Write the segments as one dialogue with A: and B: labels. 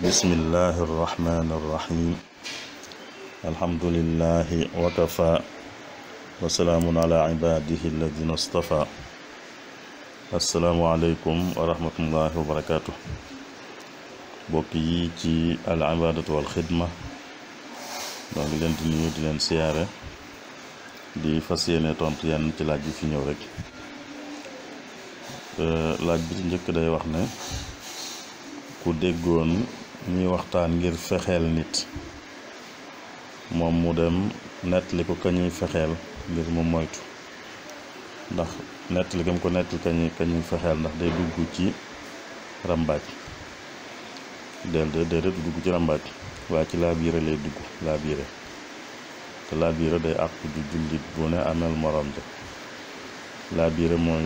A: بسم الله الرحمن الرحيم الحمد لله وكفى وسلام على عباده الذين اصطفى السلام عليكم ورحمة الله وبركاته بوكي تي العبادة والخدمة donc leen di nuyu di leen siyaare di fas yéene tontu yenn ci laaj bi fi ñëw rek euh, laaj bi ci njëkk day ñuy waxtaan ngir fexeel nit moom mu dem nettali ko ka fexeel ngir mu moytu ndax nettali gam ko nettali ka ñuy ka ñuy fexeel ndax day dugg ci ràmbaaj del de déedéet dugg ci ràmbaaj waaye ci laabire lay dugg laabire te laabire day àq ju jullit bu ne amel morom ja laabire mooy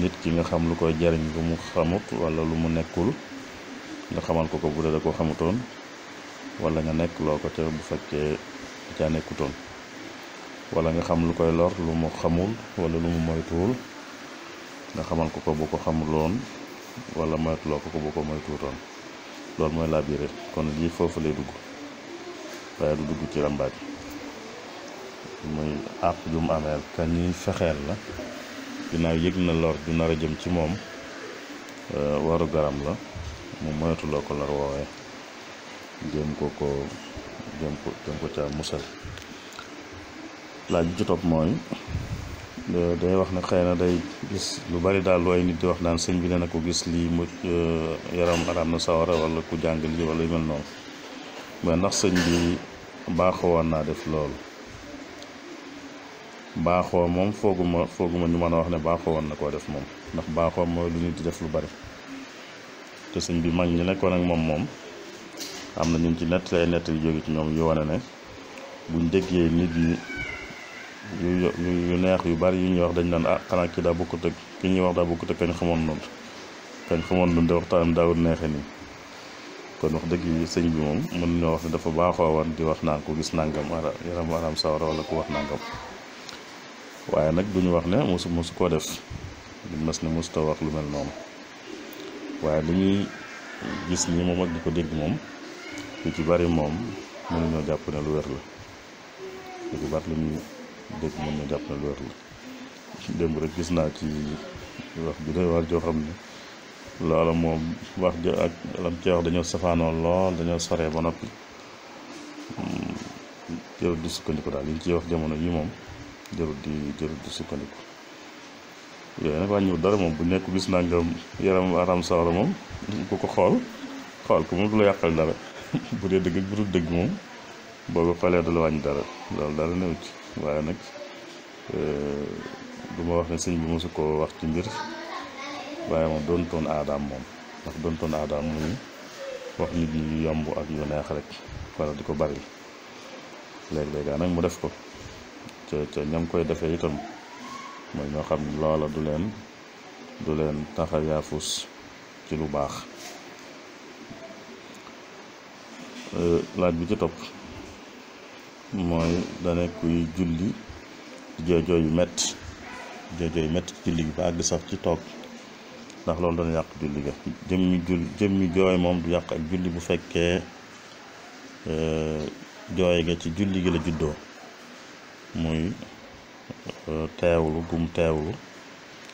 A: nit ki nga xam lu koy jariñ lu mu xamut wala lu mu nekkul nga xamal ko ko bu dee da koo xamutoon walla nga nekk loo ko ca bu fekkee da caa nekkutoon wala nga xam lu koy lor lu mu xamul wala lu mu moytuwul nga xamal ko ko bu ko xamuloon walla moytuloo ko ko bu ko loolu mooy laabire kon lii foofu lay dugg waaye du dugg ci ràmbaaj muy àpp ju mu ameel ka ñuy fexeel la ginnaaw yëg na lor ju nar a jëm ci moom euh, waru garam la mu moyatuloo ko lor woowee jéem ko ko jéem ko jéem musal laaj bi ci mooy day wax na xëy na day gis lu bari daal lu ay nit di wax naan sëñ bi nee na ko gis lii mu euh, yaram araam na sawara walla ku jàng lii wala yu mel noonu mais ndax sëñ bi baaxoo woon naa def loolu baaxoo moom fooguma fooguma ñu mën a wax ne baaxoo woon na koo def moom ndax baaxoo mooy lu nit di def lu bari te sëñ bi mag ñi nekkoon ak moom moom am na ñu ci nett ay nett yu jóge ci ñoom yu wane ne buñ déggee nit ñi yu yu neex yu bari yu ñuy wax dañ naan ah xanaa kii daa bokkut ak ki ñuy wax daa bokkut ak kañ xamoon noonu kañ xamoon noonu te waxtaan daawut neexe nii kon wax dëgg sëñ bi moom mën ñoo wax dafa baaxoo woon di wax naan ko gis nangam ara yaram aram sawara wala ku wax nangam waaye nag duñu wax ne mosu mosu koo def duñ mas ne mosu wax lu mel noonu waaye lu ñuy gis nii moom ak di ko dégg moom lu ci bari moom mën nañoo jàpp ne lu wér la lu ci bari lu ñuy dégg démb rek gis naa ci wax ju doy waar joo xam ne loola moom wax ak lam ci wax dañoo safaanoo lool dañoo soree ba noppi hmm, jërut di sukkandiku daal li ñu ciy wax jamono yi moom jërut di jërut di sukkandiku yooyu nag wàññiwul dara moom bu nekk gis naa nga yaram aram sawara moom ku ko xool xool ko moom du la yàqal dara bu dee dëgg ak bu dul dëgg moom boo ko xoolee du la wàññi dara loolu dara new waaye nag eh, du ma wax ne sëñ bi mosu ko wax ci mbir waaye moom doontoon aadaam moom ndax doontoon aadaam muy wax nit ñi yomb ak yu neex rek wala di ko bari léeg-léeg nag mu def ko ca ca ñam koy defee itam mooy ñoo xam ne loola du leen du leen taxa ci lu baax euh, laaj bi ci topp mooy dane kuy julli joojoo yu metti joojoo yu metti julli gi àgg sax ci toog ndax loolu dana yàq julli ga jëmmi jul jëmmi jooy moom du yàq ak julli bu fekkee euh, jooy ga ci julli gi la juddoo muy teewlu gum teewlu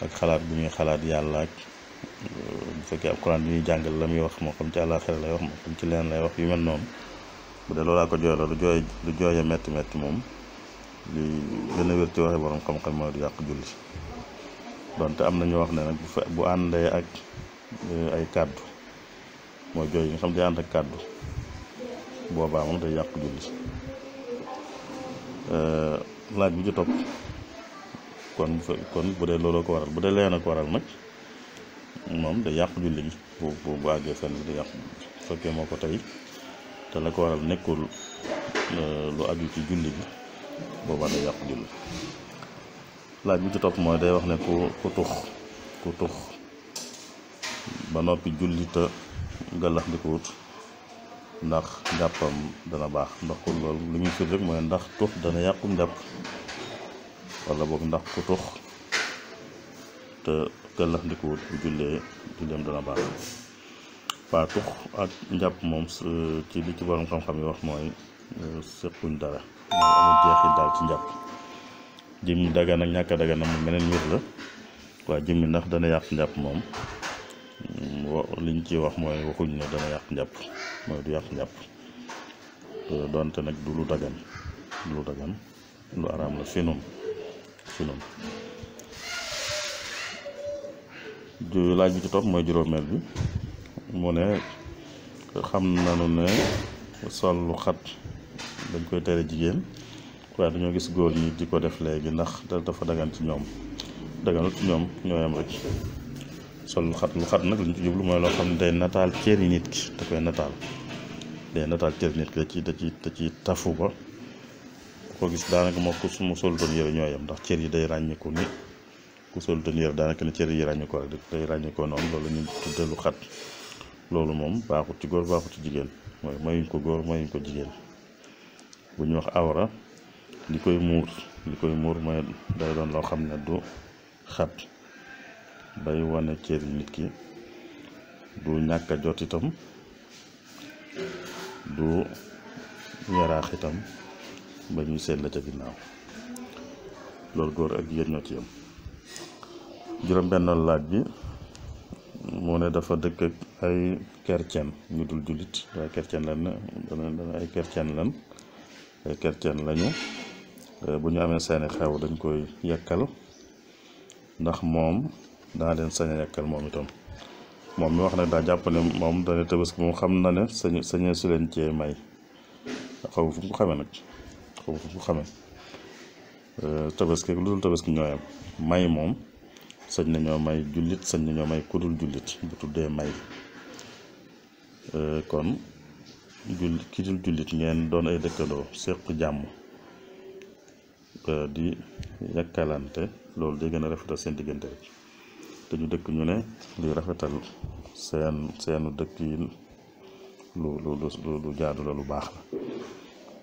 A: ak xalaat bu muy xalaat yàlla ak euh, bu fekkee ab Quran bi ñuy jàngal la muy wax moo xam ci àllaaxira lay wax moo xam ci leen lay wax yu mel noonu bu dee loolaa ko jooy la lu jooy lu jooye metti metti moom li gën a wér ci waxe borom xam-xam mooy du yàq julli donte am na ñoo wax ne nag bu fe àndee ak euh, ay kàddu mooy jooy yi nga xam day ànd ak kàddu boobaa moom day yàq julli euh, laaj bi ci topp kon kon bu dee lolo ko waral bu dee leen ko waral nak mom da yaq julli gi bu bu bu fen fenn da yàq fekkee moo ko tey te la ko waral nekul euh, lu aju ci julli bi bo ba day yaq julli laaj bi ci top moy day wax ne ko ko tux ko tux ba nopi julli ta galax diko wut ndax njàppam dana bax ndax ko lol lu ñu firi rek moy ndax tux dana yàqum njàpp wala bok ndax ku tux te gëllax ndikuwut bu di dem dana ba pa tux ak njàpp mom ci li ci borom xam-xam yi wax moy euh, sëquñ dara mooy amul jeexit daal ci njàpp jëmmi dagan ak ñàkk a dagan moom menen mbir la waa jëmmi ndax dana yaq njàpp mom mm, liñ ci wax moy waxuñ ne dana yaq njàpp moy du yaq njàpp donte nak du lu dagan lu dagan lu aram la fenum film laaj bi ci topp mooy juróomeel bi mu ne xam nañu ne sol lu xat dañ koy tere jigéen waaye dañoo gis góor ñi di ko def léegi ndax dafa dagan ci ñoom daganul ci ñoom ñoo yam rek sol lu xat lu xat nag li ñu ci jublu mooy loo xam ne day nataal cëri nit ki da koy nataal day nataal cëri nit ki da ci tafu ba koo gis daanaka moo ku mu solutoon yére ñoo yem ndax cër yi day ràññeeku ni ku solutoon yére daanaka ni cër yi ràññeekoo rek day ràññeekoo noonu loolu ñu tudde lu xat loolu moom baaxut ci góor baaxut ci jigéen mooy mayuñ ko góor mayuñ ko jigéen bu ñu wax awra li koy muur li koy muur mooy day doon loo xam ne du xat day wane cër yi nit ki du ñàkk a jot itam du yaraax itam ba ñu seen la ca ginnaaw loolu góor ak jigéen ñoo ci yam juróom-benn laaj bi moo ne dafa dëkk ay kercen ñu dul jullit waaye kercen ay kercen lan ay lañu eh, bu ñu amee seeni xew dañ koy yàkkal ndax moom daa leen sañ a yàkkal moom itam moom mu wax nag daa jàpp ne moom dana tabaski moom xam na ne sañ sañee su leen cee may xaw fu mu ko xamee nag comme ko xamee euh, tabaski ak lu dul tabaski ñooy may moom sañ nañoo may jullit sañ nañoo may kudul jullit bu tuddee may euh, kon jullit ki dul jullit ngeen doon ay dëkkandoo séq jàmm euh, di yàkkalante loolu de gën a rafetal seen diggante rek te ñu dëkk ñu ne luy rafetal seen seenu dëkk yi lu lu lu jaadu lu baax la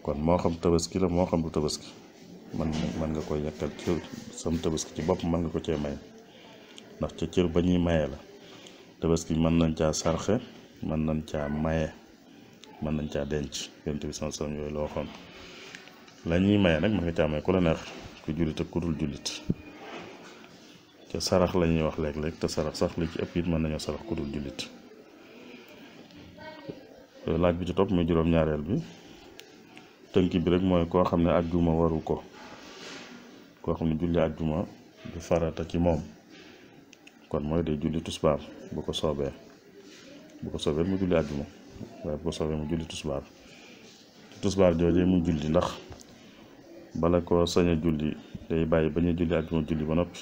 A: kon mo xam tabaski la mo xam du tabaski man man nga koy yakal ci sam tabaski ci bop man nga ko ci may ndax ci ciir ba ñuy maye la tabaski man nañ ca sarxe man nañ ca maye man nañ ca denc yentu bi sama sama yoy lo xam la ñuy maye nak man nga ca may ku la neex ku julit ak ku dul jullit te sarax la ñuy wax lek lek te sarax sax li ci ëpp it man nañu sarax ku dul jullit laaj bi ci top muy juroom ñaarel bi tënk bi rek mooy koo xam ne waru ko koo xam ne julli ajjuma du farata ci moom kon mooy day julli tusbaar bu ko soobee bu ko soobee mu julli ajjuma waaye bu ko soobee mu julli tusbaar tusbaar joojee mu julli ndax bala ko sañ a julli day bàyyi bañ a julli ajjuma julli ba noppi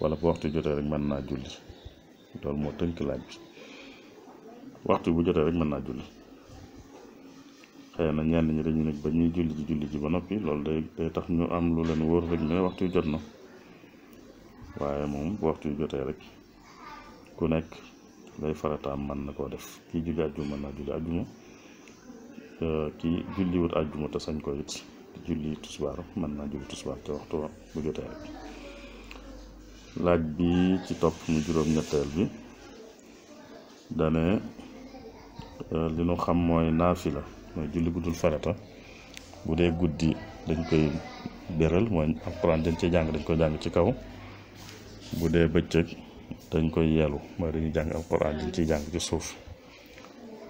A: wala bu waxtu jotee rek mën naa julli loolu moo tënk laaj waxtu bu jotee rek mën naa julli xëy na ñenn ñi dañu nekk ba ñuy julli ji julli ji ba noppi loolu day day tax ñu am lu leen wóor rek ne waxtu jot na waaye moom bu waxtu jotee rek ku nekk lay farataam man na koo def kii julli àjjuma mën naa julli àjjuma kii julli sañ ko it tusbaar mën naa julli tusbaar te waxtu bu jotee rek laaj bi ci topp mu juróom-ñetteel bi dane eh, li nu xam mooy la mooy julli guddul farata bu dee guddi dañ koy béral moy alcorane dañ ci jang dañ koy jang ci kaw bu beccëk dañ koy yelu mooy dañuy jang alcorane dañ ci jang ci suuf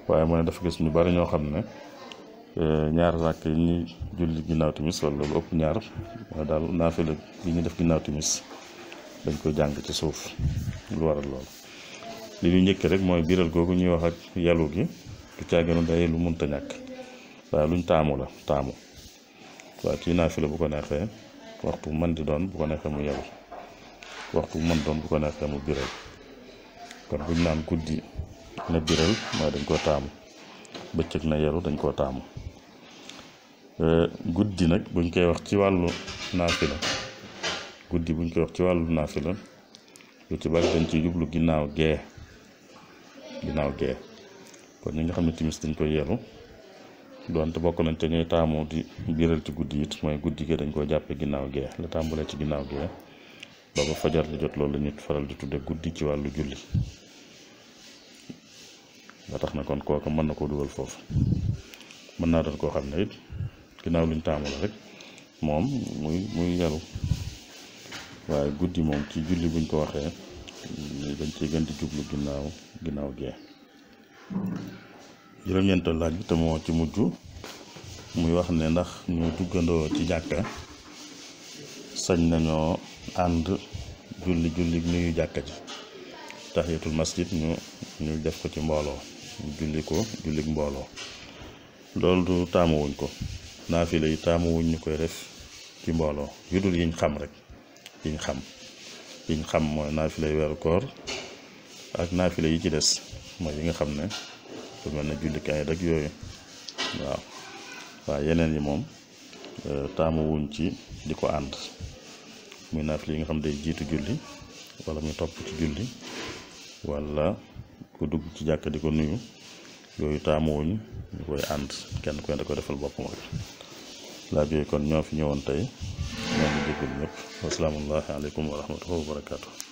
A: waye mo dafa gis ñu bari ñoo xam ne euh, ñaar ràkk yi ñuy julli ginaaw timis wala lu upp ñaar wa dal naafila yi ñu def ginaaw timis dañ koy jang ci suuf lu waral lool li ñu ñëk rek moy biral gogu ñuy wax ak yalu gi ci caaginu day lu munta ñak waaw luñ taamu la taamu waaw kii naafila bu ko neexee waxtu mën di doon bu ko neexee mu yewu waxtu mën doon bu ko neexee mu biral kon buñ naan guddi na biral mooy dañ koo taamu bëccëg na yeru dañ koo taamu euh, guddi nag buñ koy wax ci wàllu naafila guddi buñ koy wax ci wàllu naafila lu ci bari dañ ci jublu ginnaaw gee ginnaaw gee kon ñi nga xam ne timis dañ koy yeelu donte bokk nañ te ñuy taamu di biral ci guddi it mooy guddi gi dañ koo jàppee ginnaaw gee la tàmbalee ci ginnaaw gee ba fajar di jot loolu la faral di tudde guddi ci wàllu julli ba tax na kon kooka mën na koo dugal foofu mën naa doon koo xam ne it ginnaaw luñ taamu la rek moom muy muy yaru waaye guddi moom ci julli buñ ko waxee dañ ci gën di jublu ginnaaw ginnaaw gee juróom-ñeenteelu laaj bi te moo ci mujj muy wax ne ndax ñu duggandoo ci jàkka sañ nañoo ànd julli julli bi nuyu jàkka ji tahiyatul masjid ñu ñu def ko ci mbooloo ñu julli mbooloo loolu du taamuwuñ ko naafile yi taamuwuñ ñu koy def ci mbooloo yu dul yiñ xam rek yiñ xam yiñ xam mooy naafile weeru koor ak naafile yi ci des mooy yi nga xam ne lu mel ne jullikaay rek yooyu waaw waaw yeneen yi moom euh, taamu wuñ ci di ko ànd muy naafila yi nga xam day jiitu julli wala muy topp ci julli wala ku dugg ci jàkk di ko nuyu yooyu taamu wuñ ñu koy ànd kenn ku ne da ko defal boppam rek laaj kon ñoo fi ñëwoon tey ñoo ngi jégalu ñëpp wasalaamullahi aleykum wa rahmatullahi